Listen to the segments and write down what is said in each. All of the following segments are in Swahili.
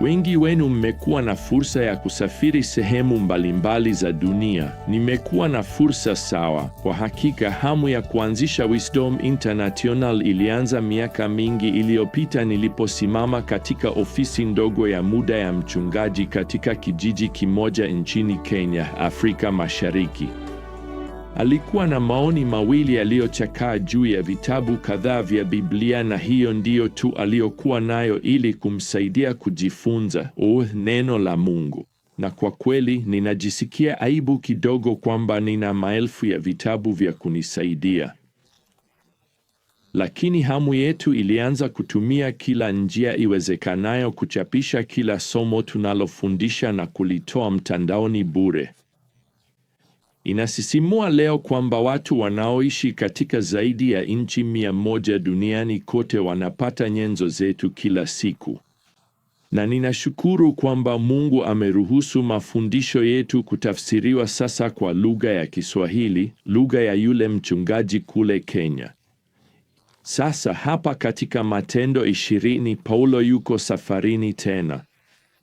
Wengi wenu mmekuwa na fursa ya kusafiri sehemu mbalimbali za dunia. Nimekuwa na fursa sawa. Kwa hakika, hamu ya kuanzisha Wisdom International ilianza miaka mingi iliyopita niliposimama katika ofisi ndogo ya muda ya mchungaji katika kijiji kimoja nchini Kenya, Afrika Mashariki. Alikuwa na maoni mawili yaliyochakaa juu ya vitabu kadhaa vya Biblia na hiyo ndiyo tu aliyokuwa nayo ili kumsaidia kujifunza uh, neno la Mungu. Na kwa kweli ninajisikia aibu kidogo kwamba nina maelfu ya vitabu vya kunisaidia. Lakini hamu yetu ilianza kutumia kila njia iwezekanayo kuchapisha kila somo tunalofundisha na kulitoa mtandaoni bure. Inasisimua leo kwamba watu wanaoishi katika zaidi ya nchi mia moja duniani kote wanapata nyenzo zetu kila siku, na ninashukuru kwamba Mungu ameruhusu mafundisho yetu kutafsiriwa sasa kwa lugha ya Kiswahili, lugha ya yule mchungaji kule Kenya. Sasa hapa katika Matendo ishirini, Paulo yuko safarini tena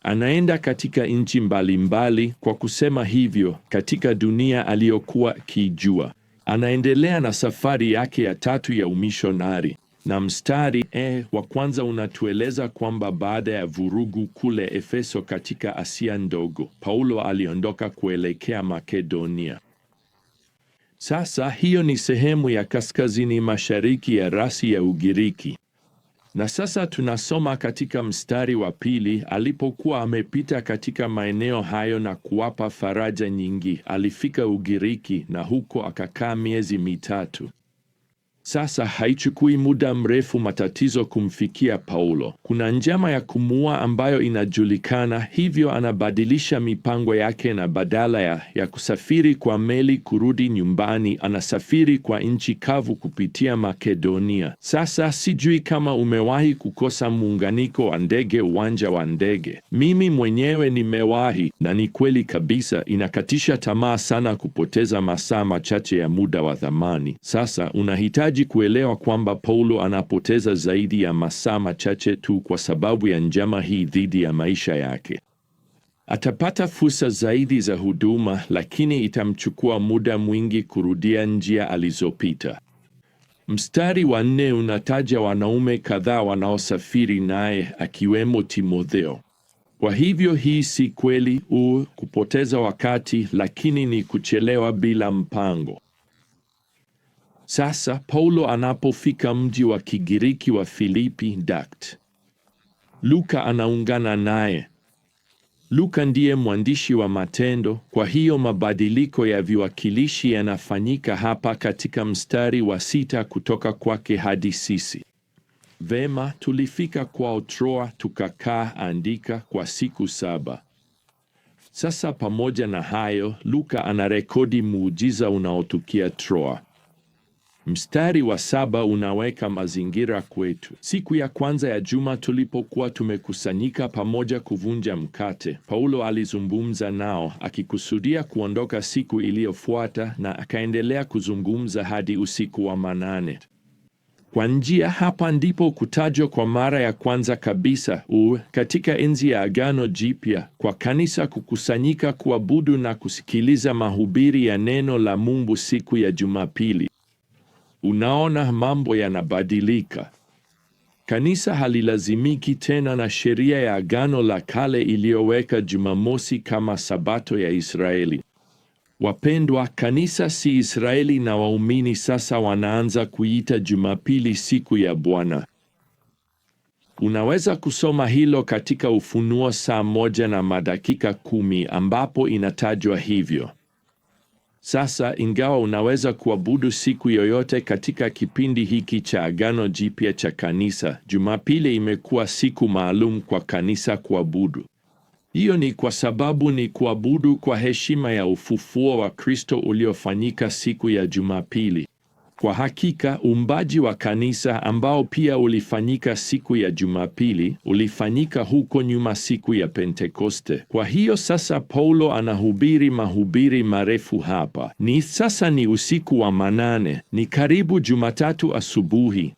Anaenda katika nchi mbalimbali kwa kusema hivyo katika dunia aliyokuwa kijua. Anaendelea na safari yake ya tatu ya umishonari na mstari eh, wa kwanza unatueleza kwamba baada ya vurugu kule Efeso katika Asia ndogo, Paulo aliondoka kuelekea Makedonia. Sasa hiyo ni sehemu ya kaskazini mashariki ya rasi ya Ugiriki. Na sasa tunasoma katika mstari wa pili, alipokuwa amepita katika maeneo hayo na kuwapa faraja nyingi, alifika Ugiriki na huko akakaa miezi mitatu. Sasa haichukui muda mrefu matatizo kumfikia Paulo. Kuna njama ya kumuua ambayo inajulikana, hivyo anabadilisha mipango yake na badala ya, ya kusafiri kwa meli kurudi nyumbani, anasafiri kwa nchi kavu kupitia Makedonia. Sasa sijui kama umewahi kukosa muunganiko wa ndege uwanja wa ndege. Mimi mwenyewe nimewahi, na ni kweli kabisa, inakatisha tamaa sana kupoteza masaa machache ya muda wa thamani. Sasa unahitaji tunahitaji kuelewa kwamba Paulo anapoteza zaidi ya masaa machache tu kwa sababu ya njama hii dhidi ya maisha yake. Atapata fursa zaidi za huduma, lakini itamchukua muda mwingi kurudia njia alizopita. Mstari wa nne unataja wanaume kadhaa wanaosafiri naye akiwemo Timotheo. Kwa hivyo hii si kweli u kupoteza wakati, lakini ni kuchelewa bila mpango. Sasa Paulo anapofika mji wa Kigiriki wa Filipi dakt, Luka anaungana naye. Luka ndiye mwandishi wa Matendo, kwa hiyo mabadiliko ya viwakilishi yanafanyika hapa katika mstari wa sita kutoka kwake hadi sisi. Vema, tulifika kwao Troa, tukakaa andika kwa siku saba. Sasa pamoja na hayo, Luka anarekodi muujiza unaotukia Troa. Mstari wa saba unaweka mazingira kwetu. Siku ya kwanza ya juma tulipokuwa tumekusanyika pamoja kuvunja mkate, Paulo alizungumza nao akikusudia kuondoka siku iliyofuata, na akaendelea kuzungumza hadi usiku wa manane. Kwa njia, hapa ndipo kutajwa kwa mara ya kwanza kabisa u katika enzi ya Agano Jipya kwa kanisa kukusanyika kuabudu na kusikiliza mahubiri ya neno la Mungu siku ya Jumapili. Unaona, mambo yanabadilika. Kanisa halilazimiki tena na sheria ya Agano la Kale iliyoweka Jumamosi kama Sabato ya Israeli. Wapendwa, kanisa si Israeli na waumini sasa wanaanza kuita Jumapili siku ya Bwana. Unaweza kusoma hilo katika Ufunuo saa moja na madakika kumi ambapo inatajwa hivyo. Sasa ingawa unaweza kuabudu siku yoyote katika kipindi hiki cha Agano Jipya cha kanisa, Jumapili imekuwa siku maalum kwa kanisa kuabudu. Hiyo ni kwa sababu ni kuabudu kwa heshima ya ufufuo wa Kristo uliofanyika siku ya Jumapili. Kwa hakika uumbaji wa kanisa ambao pia ulifanyika siku ya Jumapili ulifanyika huko nyuma siku ya Pentekoste. Kwa hiyo sasa Paulo anahubiri mahubiri marefu hapa. Ni sasa ni usiku wa manane, ni karibu Jumatatu asubuhi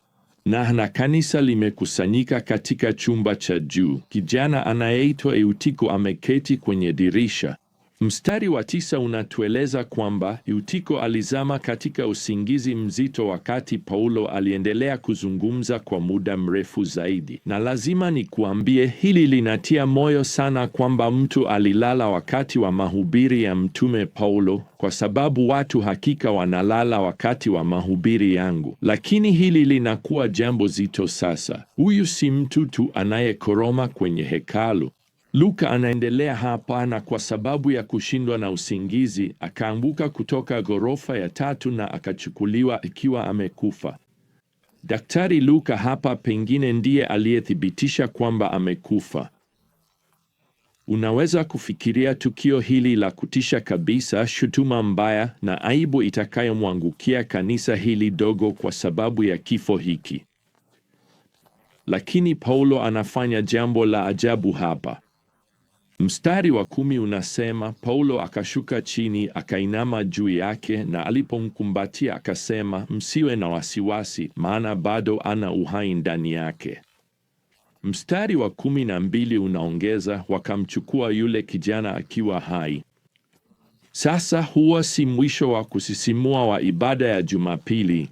na na kanisa limekusanyika katika chumba cha juu. Kijana anayeitwa Eutiko ameketi kwenye dirisha Mstari wa tisa unatueleza kwamba Eutiko alizama katika usingizi mzito wakati Paulo aliendelea kuzungumza kwa muda mrefu zaidi. Na lazima nikuambie, hili linatia moyo sana kwamba mtu alilala wakati wa mahubiri ya Mtume Paulo, kwa sababu watu hakika wanalala wakati wa mahubiri yangu. Lakini hili linakuwa jambo zito sasa. Huyu si mtu tu anayekoroma kwenye hekalu. Luka anaendelea hapa, na kwa sababu ya kushindwa na usingizi akaanguka kutoka ghorofa ya tatu na akachukuliwa ikiwa amekufa. Daktari Luka hapa pengine ndiye aliyethibitisha kwamba amekufa. Unaweza kufikiria tukio hili la kutisha kabisa, shutuma mbaya na aibu itakayomwangukia kanisa hili dogo kwa sababu ya kifo hiki. Lakini Paulo anafanya jambo la ajabu hapa. Mstari wa kumi unasema, Paulo akashuka chini, akainama juu yake, na alipomkumbatia akasema, msiwe na wasiwasi, maana bado ana uhai ndani yake. Mstari wa kumi na mbili unaongeza, wakamchukua yule kijana akiwa hai. Sasa huo si mwisho wa kusisimua wa ibada ya Jumapili.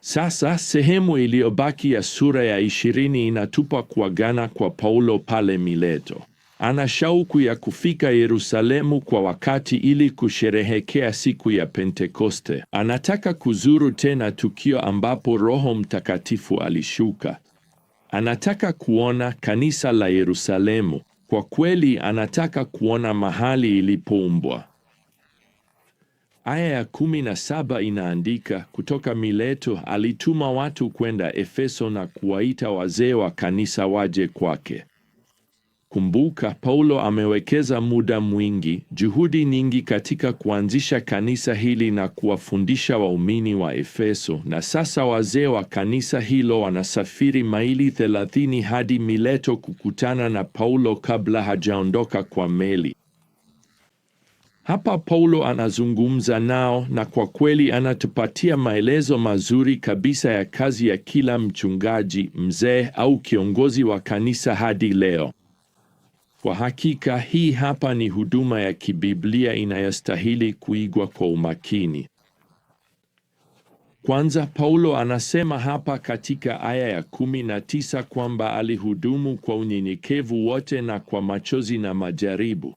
Sasa sehemu iliyobaki ya sura ya ishirini inatupa kuagana kwa Paulo pale Mileto ana shauku ya kufika Yerusalemu kwa wakati ili kusherehekea siku ya Pentekoste. Anataka kuzuru tena tukio ambapo Roho Mtakatifu alishuka. Anataka kuona kanisa la Yerusalemu. Kwa kweli anataka kuona mahali ilipoumbwa. Aya ya kumi na saba inaandika, kutoka Mileto alituma watu kwenda Efeso na kuwaita wazee wa kanisa waje kwake. Kumbuka, Paulo amewekeza muda mwingi, juhudi nyingi katika kuanzisha kanisa hili na kuwafundisha waumini wa Efeso, na sasa wazee wa kanisa hilo wanasafiri maili 30 hadi Mileto kukutana na Paulo kabla hajaondoka kwa meli. Hapa Paulo anazungumza nao na kwa kweli anatupatia maelezo mazuri kabisa ya kazi ya kila mchungaji, mzee au kiongozi wa kanisa hadi leo. Kwa hakika hii hapa ni huduma ya kibiblia inayostahili kuigwa kwa umakini. Kwanza, Paulo anasema hapa katika aya ya kumi na tisa kwamba alihudumu kwa unyenyekevu wote na kwa machozi na majaribu.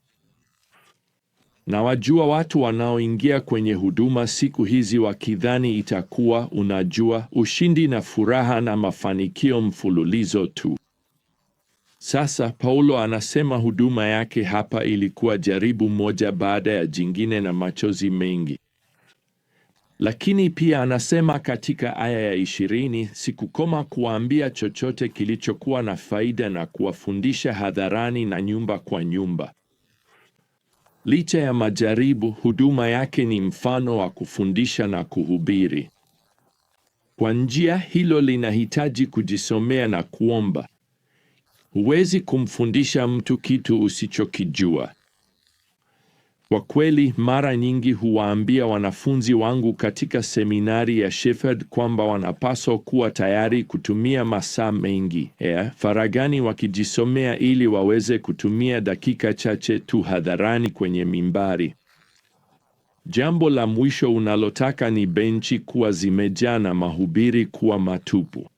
nawajua watu wanaoingia kwenye huduma siku hizi wakidhani itakuwa, unajua, ushindi na furaha na mafanikio mfululizo tu. Sasa Paulo anasema huduma yake hapa ilikuwa jaribu moja baada ya jingine na machozi mengi. Lakini pia anasema katika aya ya ishirini, sikukoma kuwaambia chochote kilichokuwa na faida na kuwafundisha hadharani na nyumba kwa nyumba. Licha ya majaribu, huduma yake ni mfano wa kufundisha na kuhubiri. Kwa njia, hilo linahitaji kujisomea na kuomba. Huwezi kumfundisha mtu kitu usichokijua. Kwa kweli, mara nyingi huwaambia wanafunzi wangu katika seminari ya Shepherd kwamba wanapaswa kuwa tayari kutumia masaa mengi ya faragani wakijisomea ili waweze kutumia dakika chache tu hadharani kwenye mimbari. Jambo la mwisho unalotaka ni benchi kuwa zimejaa na mahubiri kuwa matupu.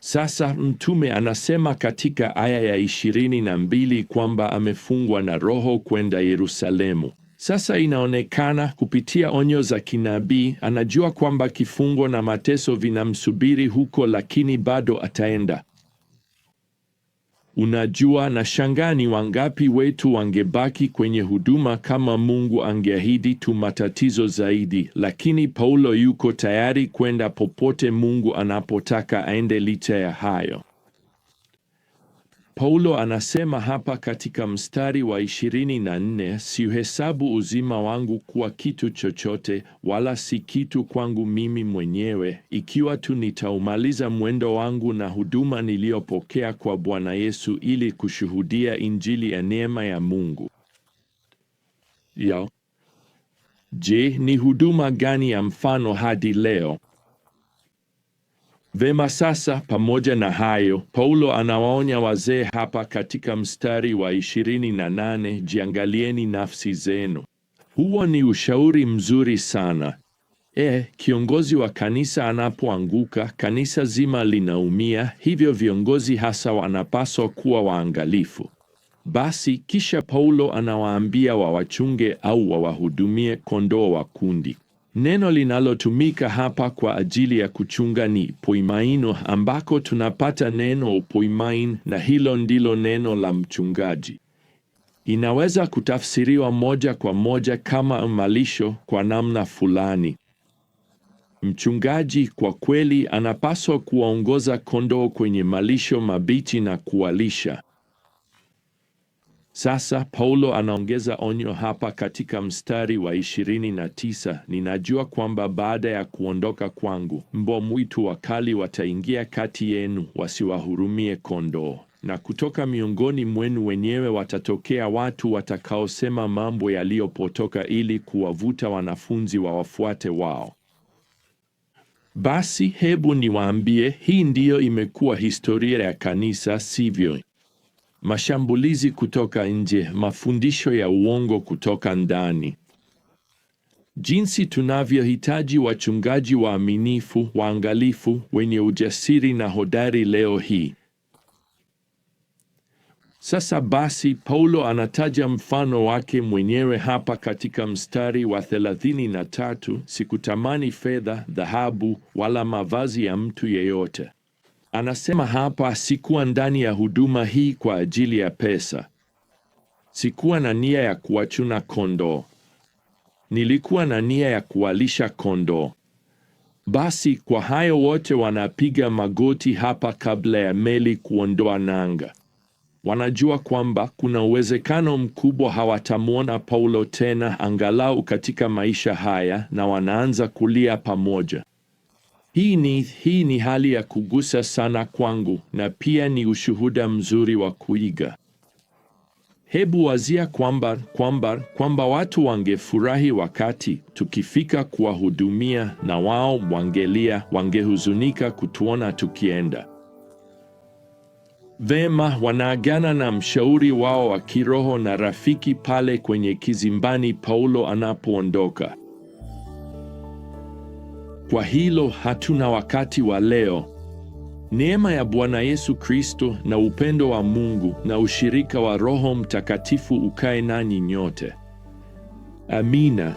Sasa mtume anasema katika aya ya ishirini na mbili kwamba amefungwa na Roho kwenda Yerusalemu. Sasa inaonekana kupitia onyo za kinabii anajua kwamba kifungo na mateso vinamsubiri huko, lakini bado ataenda. Unajua, shangaa ni wangapi wetu wangebaki kwenye huduma kama Mungu angeahidi tu matatizo zaidi, lakini Paulo yuko tayari kwenda popote Mungu anapotaka aende licha ya hayo. Paulo anasema hapa katika mstari wa 24, siuhesabu uzima wangu kuwa kitu chochote, wala si kitu kwangu mimi mwenyewe, ikiwa tu nitaumaliza mwendo wangu na huduma niliyopokea kwa Bwana Yesu ili kushuhudia Injili ya neema ya Mungu. Yo. Je, ni huduma gani ya mfano hadi leo? Vema, sasa pamoja na hayo, Paulo anawaonya wazee hapa katika mstari wa 28 na jiangalieni nafsi zenu. Huo ni ushauri mzuri sana. E, kiongozi wa kanisa anapoanguka, kanisa zima linaumia, hivyo viongozi hasa wanapaswa kuwa waangalifu. Basi kisha Paulo anawaambia wawachunge au wawahudumie kondoo wa kundi. Neno linalotumika hapa kwa ajili ya kuchunga ni poimaino, ambako tunapata neno poimain, na hilo ndilo neno la mchungaji. Inaweza kutafsiriwa moja kwa moja kama malisho kwa namna fulani. Mchungaji kwa kweli anapaswa kuwaongoza kondoo kwenye malisho mabichi na kuwalisha. Sasa Paulo anaongeza onyo hapa katika mstari wa ishirini na tisa: ninajua kwamba baada ya kuondoka kwangu mbwa mwitu wakali wataingia kati yenu, wasiwahurumie kondoo, na kutoka miongoni mwenu wenyewe watatokea watu watakaosema mambo yaliyopotoka ili kuwavuta wanafunzi wawafuate wao. Basi hebu niwaambie, hii ndiyo imekuwa historia ya kanisa, sivyo? mashambulizi kutoka nje, mafundisho ya uongo kutoka ndani. Jinsi tunavyohitaji wachungaji waaminifu, waangalifu, wenye ujasiri na hodari leo hii. Sasa basi, Paulo anataja mfano wake mwenyewe hapa katika mstari wa 33: sikutamani fedha, dhahabu, wala mavazi ya mtu yeyote. Anasema hapa, sikuwa ndani ya huduma hii kwa ajili ya pesa. Sikuwa na nia ya kuwachuna kondoo, nilikuwa na nia ya kuwalisha kondoo. Basi kwa hayo wote wanapiga magoti hapa kabla ya meli kuondoa nanga. Wanajua kwamba kuna uwezekano mkubwa hawatamwona Paulo tena angalau katika maisha haya, na wanaanza kulia pamoja. Hii ni, hii ni hali ya kugusa sana kwangu na pia ni ushuhuda mzuri wa kuiga. Hebu wazia kwamba kwamba kwamba watu wangefurahi wakati tukifika kuwahudumia, na wao wangelia, wangehuzunika kutuona tukienda. Vema, wanaagana na mshauri wao wa kiroho na rafiki pale kwenye kizimbani Paulo anapoondoka. Kwa hilo hatuna wakati wa leo. Neema ya Bwana Yesu Kristo na upendo wa Mungu na ushirika wa Roho Mtakatifu ukae nanyi nyote. Amina.